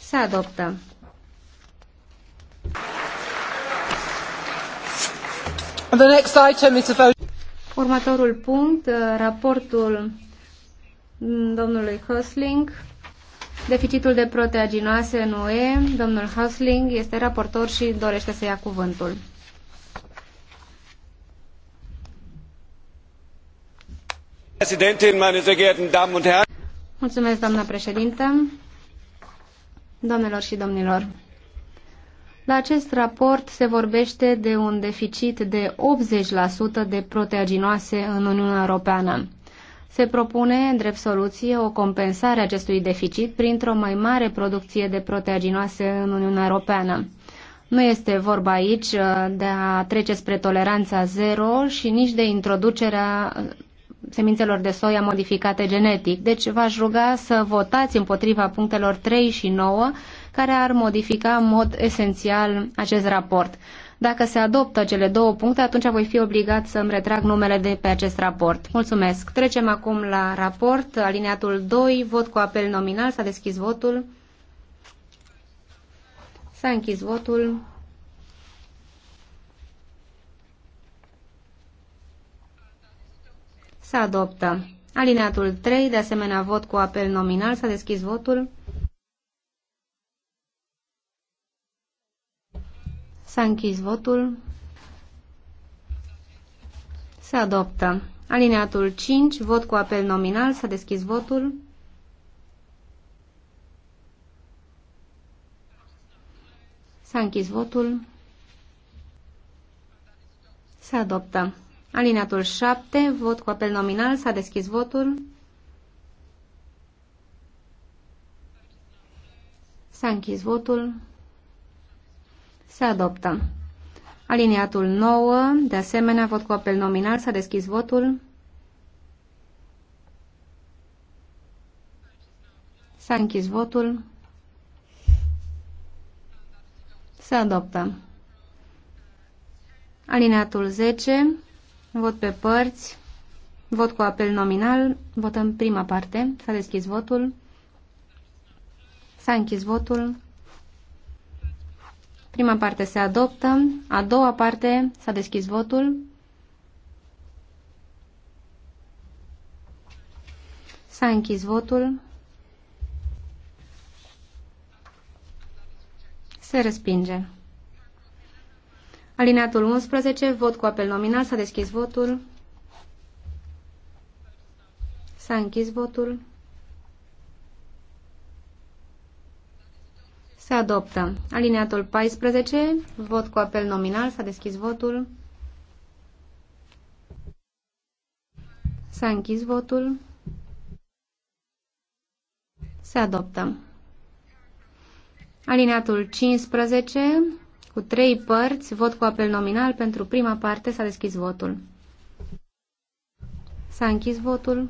se adoptă. The next item is a vote. Următorul punct, raportul domnului Hosling, deficitul de proteaginoase în UE. Domnul Hosling este raportor și dorește să ia cuvântul. Mulțumesc, doamna președintă, doamnelor și domnilor. La acest raport se vorbește de un deficit de 80% de proteaginoase în Uniunea Europeană. Se propune, în drept soluție, o compensare acestui deficit printr-o mai mare producție de proteaginoase în Uniunea Europeană. Nu este vorba aici uh, de a trece spre toleranța zero și nici de introducerea uh, semințelor de soia modificate genetic. Deci v-aș ruga să votați împotriva punctelor 3 și 9, care ar modifica în mod esențial acest raport. Dacă se adoptă cele două puncte, atunci voi fi obligat să-mi retrag numele de pe acest raport. Mulțumesc. Trecem acum la raport, alineatul 2, vot cu apel nominal. S-a deschis votul. S-a închis votul. Se adoptă. Alineatul 3, de asemenea vot cu apel nominal, s-a deschis votul. S-a închis votul. Se adoptă. Alineatul 5, vot cu apel nominal, s-a deschis votul. S-a închis votul. Se adoptă. Alineatul 7, vot cu apel nominal, s-a deschis votul. S-a închis votul. Se adoptă. Aliniatul 9, de asemenea, vot cu apel nominal. S-a deschis votul. S-a închis votul. Se adoptă. Alineatul 10, vot pe părți, vot cu apel nominal, votăm prima parte, s-a deschis votul, s-a închis votul, Prima parte se adoptă, a doua parte s-a deschis votul. S-a închis votul. Se respinge. Alineatul 11, vot cu apel nominal, s-a deschis votul. S-a închis votul. Se adoptă. Alineatul 14, vot cu apel nominal, s-a deschis votul. S-a închis votul. Se adoptă. Alineatul 15, cu trei părți, vot cu apel nominal, pentru prima parte s-a deschis votul. S-a închis votul.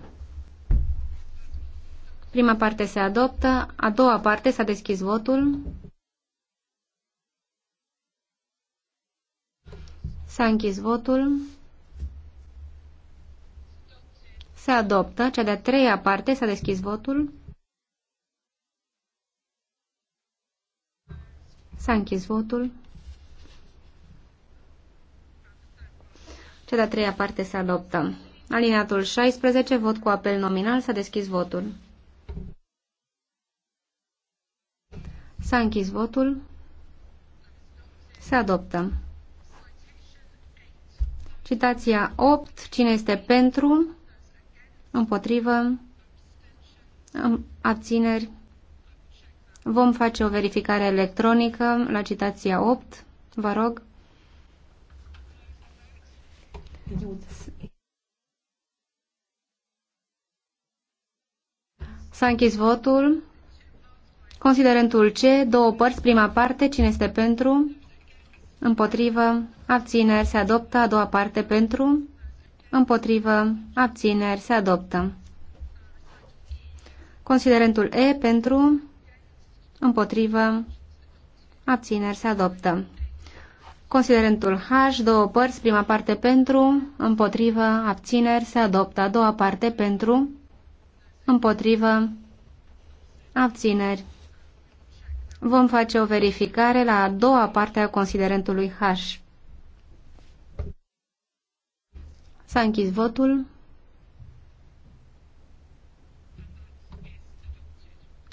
Prima parte se adoptă, a doua parte s-a deschis votul. S-a închis votul. Se adoptă. Cea de-a treia parte s-a deschis votul. S-a închis votul. Cea de-a treia parte se adoptă. Alineatul 16, vot cu apel nominal, s-a deschis votul. S-a închis votul. Se adoptă. Citația 8. Cine este pentru? Împotrivă? Abțineri? Vom face o verificare electronică la citația 8. Vă rog. S-a închis votul. Considerentul C, două părți, prima parte, cine este pentru, împotrivă, abțineri, se adoptă, a doua parte pentru, împotrivă, abțineri, se adoptă. Considerentul E pentru, împotrivă, abțineri, se adoptă. Considerentul H, două părți, prima parte pentru, împotrivă, abțineri, se adoptă, a doua parte pentru, împotrivă, abțineri, Vom face o verificare la a doua parte a considerentului H. S-a închis votul.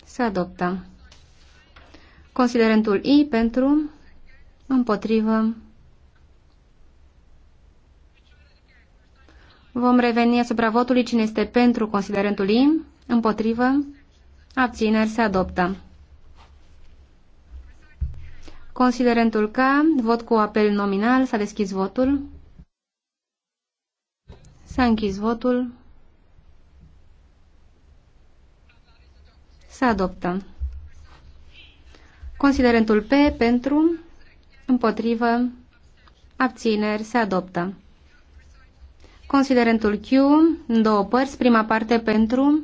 Se adoptă. Considerentul I pentru, împotrivă. Vom reveni asupra votului cine este pentru considerentul I, împotrivă, abțineri se adoptă. Considerentul K, vot cu apel nominal, s-a deschis votul. S-a închis votul. Se adoptă. Considerentul P pentru, împotrivă, abțineri, se adoptă. Considerentul Q, în două părți, prima parte pentru,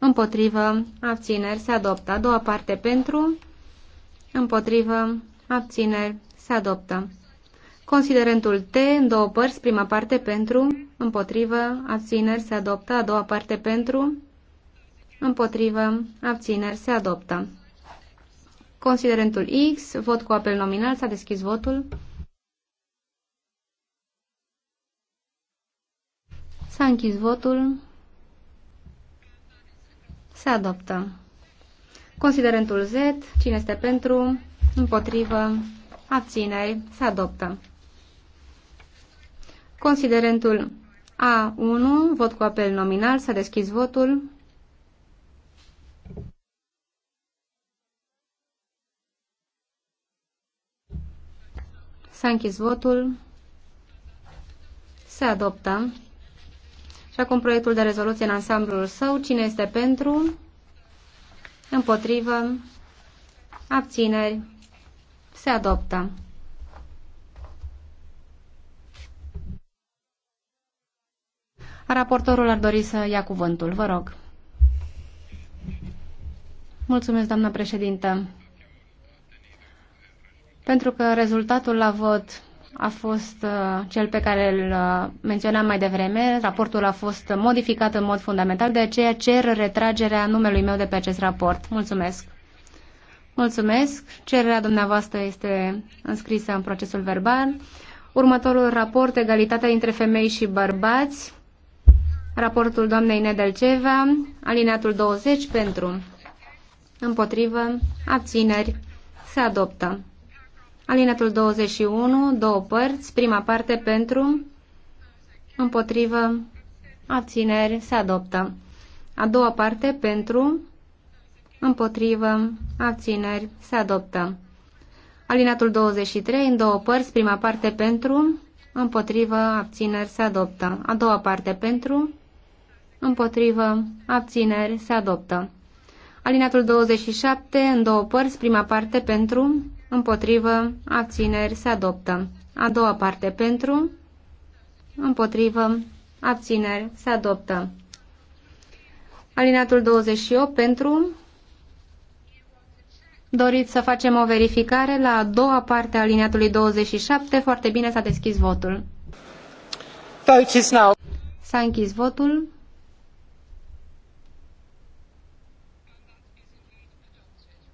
împotrivă, abțineri, se adoptă. A doua parte pentru, împotrivă, abțineri, se adoptă. Considerentul T în două părți, prima parte pentru, împotrivă, abțineri, se adoptă, a doua parte pentru, împotrivă, abțineri, se adoptă. Considerentul X, vot cu apel nominal, s-a deschis votul. S-a închis votul. Se adoptă. Considerentul Z, cine este pentru, împotrivă, abțineri, se adoptă. Considerentul A1, vot cu apel nominal, s-a deschis votul. S-a închis votul. Se adoptă. Și acum proiectul de rezoluție în ansamblul său. Cine este pentru? împotrivă, abțineri, se adoptă. Raportorul ar dori să ia cuvântul. Vă rog. Mulțumesc, doamnă președintă. Pentru că rezultatul la vot a fost uh, cel pe care îl uh, menționam mai devreme. Raportul a fost modificat în mod fundamental, de aceea cer retragerea numelui meu de pe acest raport. Mulțumesc! Mulțumesc! Cererea dumneavoastră este înscrisă în procesul verbal. Următorul raport, egalitatea dintre femei și bărbați. Raportul doamnei Nedelceva, alineatul 20 pentru, împotrivă, abțineri, se adoptă. Alinatul 21, două părți, prima parte pentru, împotrivă, abțineri, se adoptă. A doua parte pentru, împotrivă, abțineri, se adoptă. Alinatul 23, în două părți, prima parte pentru, împotrivă, abțineri, se adoptă. A doua parte pentru, împotrivă, abțineri, se adoptă. Alinatul 27, în două părți, prima parte pentru, împotrivă, abțineri, se adoptă. A doua parte pentru, împotrivă, abțineri, se adoptă. Alineatul 28 pentru, doriți să facem o verificare la a doua parte a aliniatului 27, foarte bine s-a deschis votul. S-a închis votul.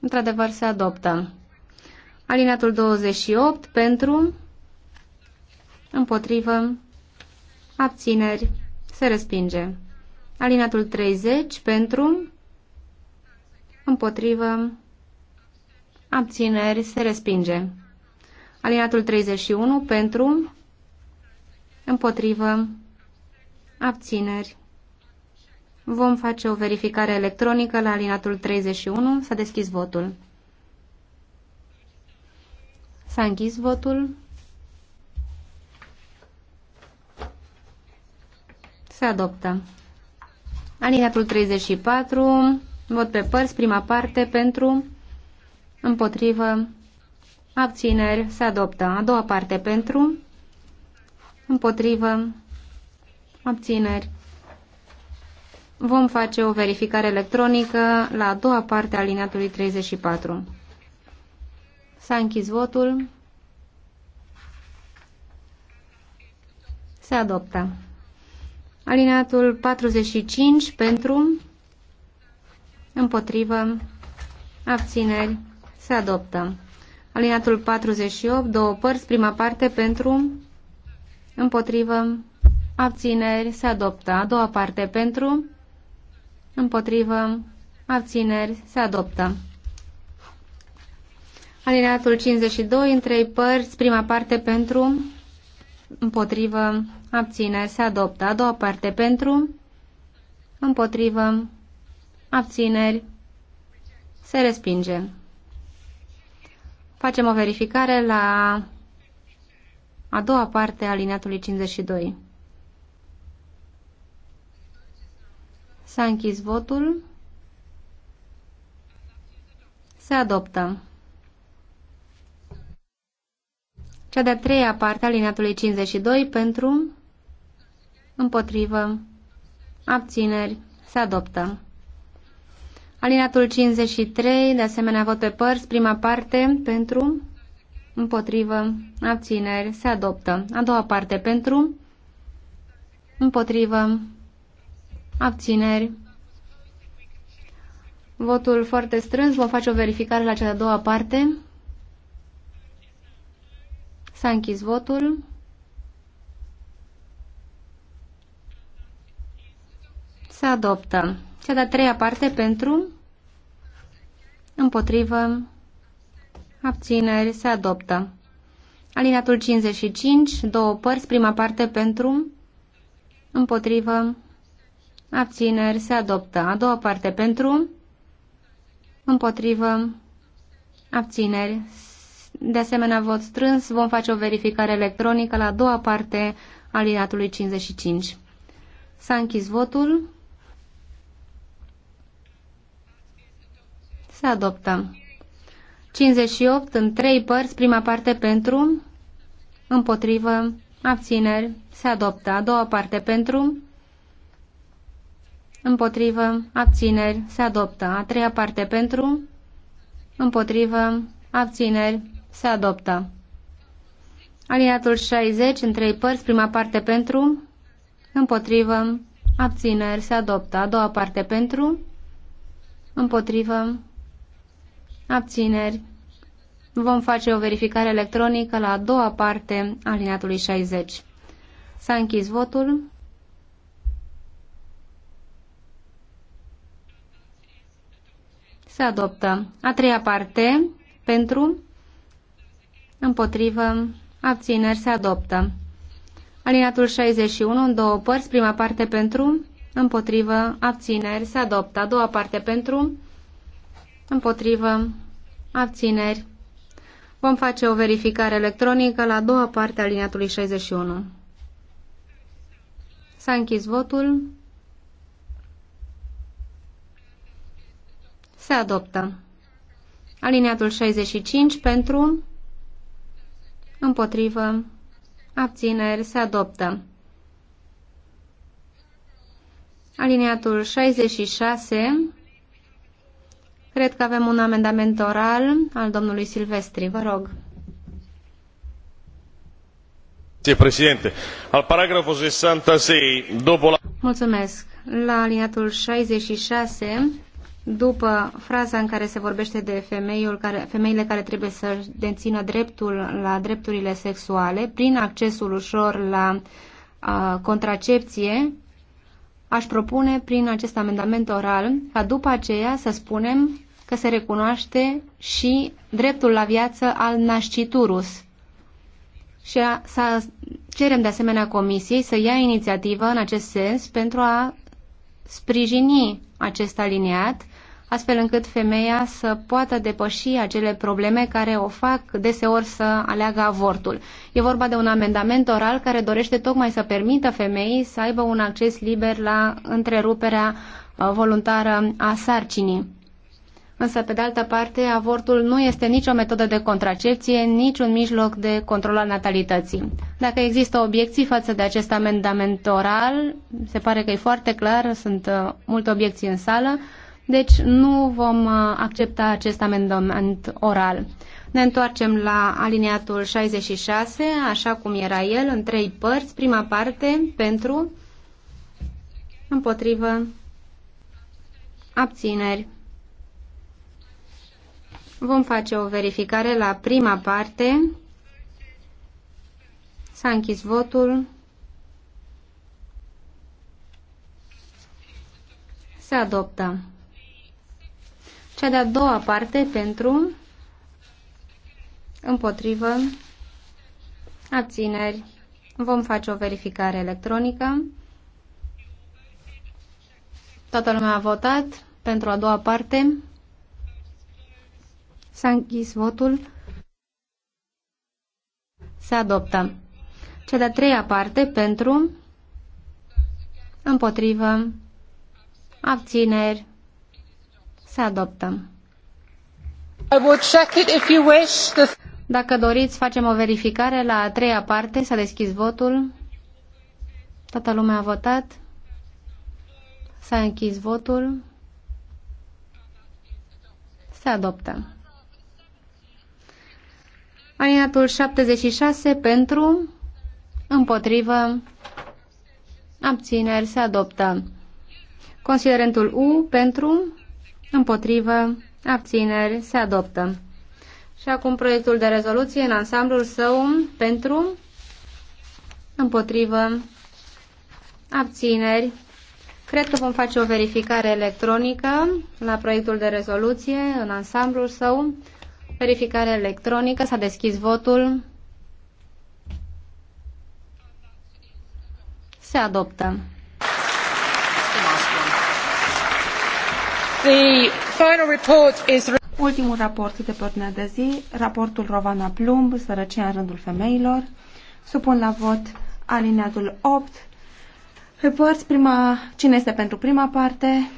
Într-adevăr, se adoptă. Alineatul 28 pentru, împotrivă, abțineri, se respinge. Alineatul 30 pentru, împotrivă, abțineri, se respinge. Alineatul 31 pentru, împotrivă, abțineri. Vom face o verificare electronică la alinatul 31. S-a deschis votul. S-a închis votul. Se adoptă. Alineatul 34, vot pe părți, prima parte, pentru, împotrivă, abțineri, se adoptă. A doua parte, pentru, împotrivă, abțineri. Vom face o verificare electronică la a doua parte a alineatului 34. S-a închis votul. Se adoptă. Alineatul 45 pentru, împotrivă, abțineri, se adoptă. Alineatul 48, două părți, prima parte pentru, împotrivă, abțineri, se adoptă. A doua parte pentru, împotrivă, abțineri, se adoptă. Alineatul 52 în trei părți, prima parte pentru, împotrivă, abține, se adoptă. A doua parte pentru, împotrivă, abțineri, se respinge. Facem o verificare la a doua parte a alineatului 52. S-a închis votul. Se adoptă. Cea de-a treia parte a liniatului 52 pentru, împotrivă, abțineri, se adoptă. alineatul 53, de asemenea vot pe părți, prima parte pentru, împotrivă, abțineri, se adoptă. A doua parte pentru, împotrivă, abțineri. Votul foarte strâns, vom face o verificare la cea de-a doua parte. S-a închis votul. Se adoptă. Cea de-a treia parte pentru, împotrivă, abțineri, se adoptă. Alineatul 55, două părți, prima parte pentru, împotrivă, abțineri, se adoptă. A doua parte pentru, împotrivă, abțineri, de asemenea vot strâns, vom face o verificare electronică la a doua parte alineatului 55. S-a închis votul. Se adoptă. 58 în trei părți, prima parte pentru, împotrivă, abțineri, se adoptă. A doua parte pentru, împotrivă, abțineri, se adoptă. A treia parte pentru, împotrivă, abțineri, se adoptă. Aliatul 60 în trei părți, prima parte pentru, împotrivă, abțineri, se adoptă. A doua parte pentru, împotrivă, abțineri. Vom face o verificare electronică la a doua parte aliatului 60. S-a închis votul. Se adoptă. A treia parte pentru, împotrivă, abțineri se adoptă. Alinatul 61 în două părți, prima parte pentru, împotrivă, abțineri se adoptă. A doua parte pentru, împotrivă, abțineri. Vom face o verificare electronică la a doua parte a aliniatului 61. S-a închis votul. Se adoptă. Aliniatul 65 pentru, împotrivă, abțineri, se adoptă. Alineatul 66, cred că avem un amendament oral al domnului Silvestri, vă rog. Președinte, al paragraful 66, după la... Mulțumesc. La aliniatul 66, după fraza în care se vorbește de femeiul care, femeile care trebuie să dențină dreptul la drepturile sexuale prin accesul ușor la uh, contracepție, aș propune prin acest amendament oral ca după aceea să spunem că se recunoaște și dreptul la viață al nasciturus. Și a, să cerem de asemenea comisiei să ia inițiativă în acest sens pentru a sprijini acest aliniat astfel încât femeia să poată depăși acele probleme care o fac deseori să aleagă avortul. E vorba de un amendament oral care dorește tocmai să permită femeii să aibă un acces liber la întreruperea uh, voluntară a sarcinii. Însă, pe de altă parte, avortul nu este nicio metodă de contracepție, nici un mijloc de control al natalității. Dacă există obiecții față de acest amendament oral, se pare că e foarte clar, sunt uh, multe obiecții în sală, deci nu vom uh, accepta acest amendament oral. Ne întoarcem la aliniatul 66, așa cum era el, în trei părți. Prima parte pentru, împotrivă, abțineri. Vom face o verificare la prima parte. S-a închis votul. Se adoptă. Cea de-a doua parte pentru, împotrivă, abțineri. Vom face o verificare electronică. Toată lumea a votat pentru a doua parte. S-a închis votul. Se adoptă. Cea de-a treia parte pentru, împotrivă, abțineri. Se adoptă. Dacă doriți, facem o verificare. La a treia parte s-a deschis votul. Toată lumea a votat. S-a închis votul. Se adoptă. Alinatul 76 pentru, împotrivă, abțineri, se adoptă. Considerentul U pentru, împotrivă, abțineri, se adoptă. Și acum proiectul de rezoluție în ansamblul său pentru, împotrivă, abțineri. Cred că vom face o verificare electronică la proiectul de rezoluție în ansamblul său. Verificare electronică, s-a deschis votul. Se adoptă. Ultimul raport de pe ordinea de zi, raportul Rovana Plumb, sărăcia în rândul femeilor. Supun la vot alineatul 8. Pe prima, cine este pentru prima parte,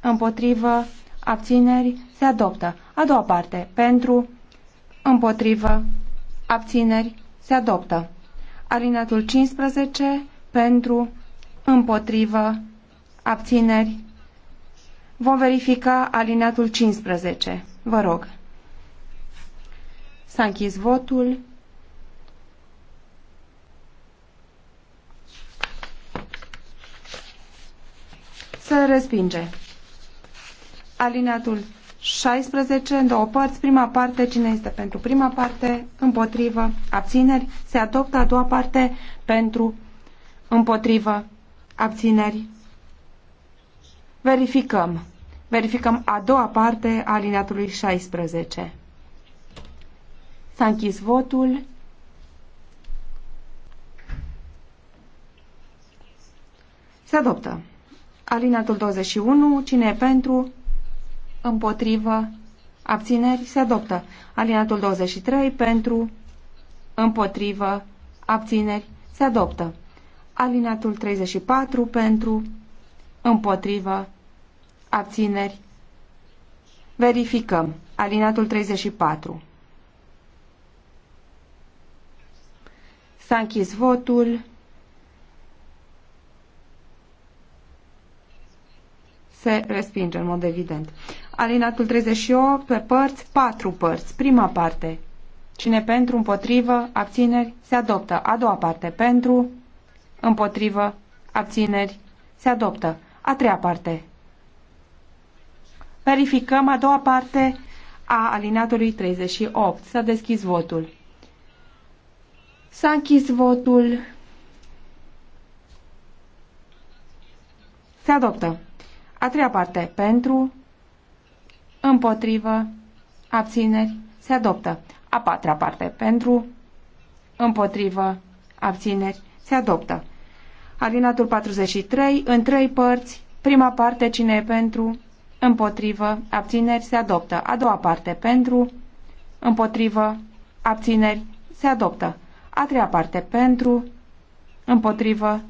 împotrivă, abțineri, se adoptă. A doua parte, pentru, împotrivă, abțineri, se adoptă. Alineatul 15, pentru, împotrivă, abțineri, Vom verifica alineatul 15. Vă rog. S-a închis votul. Se respinge. Alineatul 16, în două părți, prima parte, cine este pentru prima parte, împotrivă, abțineri, se adoptă a doua parte pentru, împotrivă, abțineri, Verificăm. Verificăm a doua parte a alineatului 16. S-a închis votul. Se adoptă. Alineatul 21. Cine e pentru? Împotrivă. Abțineri. Se adoptă. Alineatul 23. Pentru. Împotrivă. Abțineri. Se adoptă. Alineatul 34. Pentru. Împotrivă abțineri. Verificăm. Alinatul 34. S-a închis votul. Se respinge în mod evident. Alinatul 38 pe părți, 4 părți. Prima parte. Cine pentru, împotrivă, abțineri, se adoptă. A doua parte. Pentru, împotrivă, abțineri, se adoptă. A treia parte. Verificăm a doua parte a alineatului 38. S-a deschis votul. S-a închis votul. Se adoptă. A treia parte. Pentru, împotrivă, abțineri, se adoptă. A patra parte. Pentru, împotrivă, abțineri, se adoptă. Alinatul 43, în trei părți, prima parte, cine e pentru, împotrivă, abțineri, se adoptă. A doua parte, pentru, împotrivă, abțineri, se adoptă. A treia parte, pentru, împotrivă,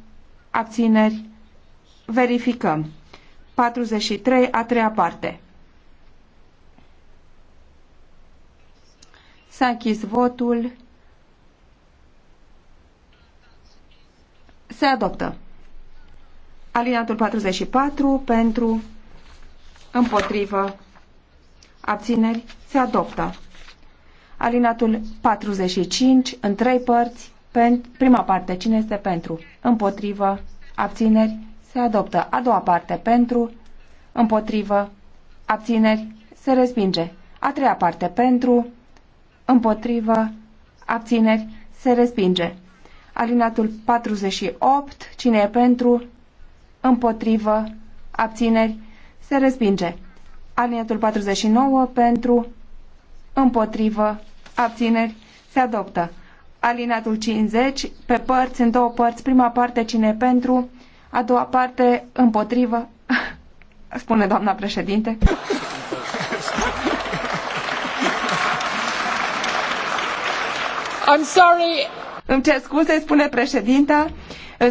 abțineri, verificăm. 43, a treia parte. S-a închis votul. Se adoptă. Alinatul 44 pentru împotrivă, abțineri, se adoptă. Alinatul 45, în trei părți, prima parte, cine este pentru, împotrivă, abțineri, se adoptă. A doua parte, pentru, împotrivă, abțineri, se respinge. A treia parte, pentru, împotrivă, abțineri, se respinge. Alinatul 48, cine e pentru, împotrivă, abțineri, se respinge. Aliniatul 49 pentru, împotrivă, abțineri, se adoptă. Alinatul 50, pe părți, în două părți, prima parte cine pentru, a doua parte împotrivă, spune doamna președinte. I'm sorry. Îmi cer scuze, spune președinta.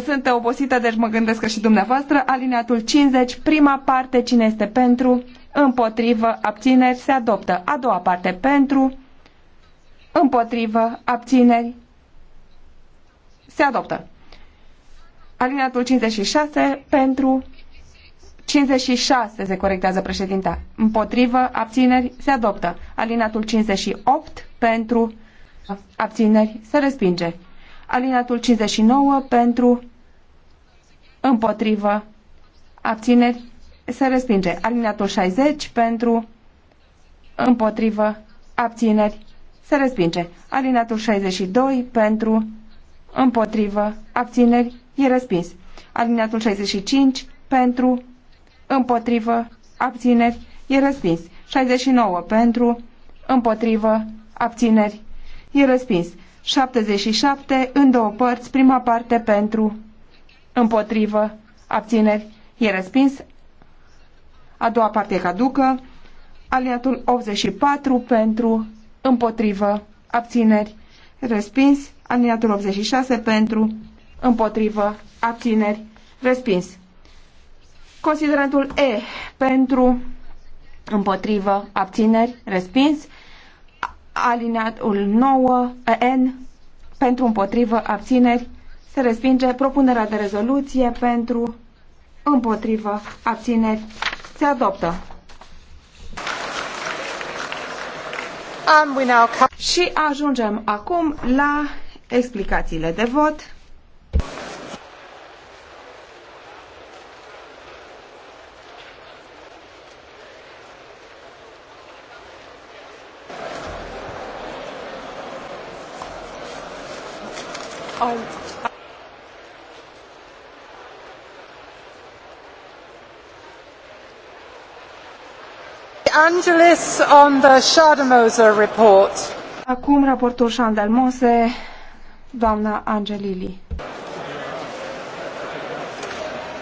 Sunt obosită, deci mă gândesc că și dumneavoastră. Alineatul 50, prima parte, cine este pentru, împotrivă, abțineri, se adoptă. A doua parte, pentru, împotrivă, abțineri, se adoptă. Alineatul 56, pentru, 56 se corectează președinta. Împotrivă, abțineri, se adoptă. Alineatul 58, pentru, abțineri, se respinge. Alinatul 59 pentru împotrivă abțineri se respinge. Alinatul 60 pentru împotrivă abțineri se respinge. Alinatul 62 pentru împotrivă abțineri e respins. Alinatul 65 pentru împotrivă abțineri e respins. 69 pentru împotrivă abțineri e respins. 77 în două părți, prima parte pentru, împotrivă, abțineri, e respins, a doua parte e caducă, aliatul 84 pentru, împotrivă, abțineri, respins, aliatul 86 pentru, împotrivă, abțineri, respins. Considerentul E pentru, împotrivă, abțineri, respins, alineatul 9, N, pentru împotrivă, abțineri, se respinge propunerea de rezoluție pentru împotrivă, abțineri, se adoptă. Um, Și ajungem acum la explicațiile de vot. Um, Angelis on the Schademoser report. Acum raportul Chandel Mose, doamna Angelili.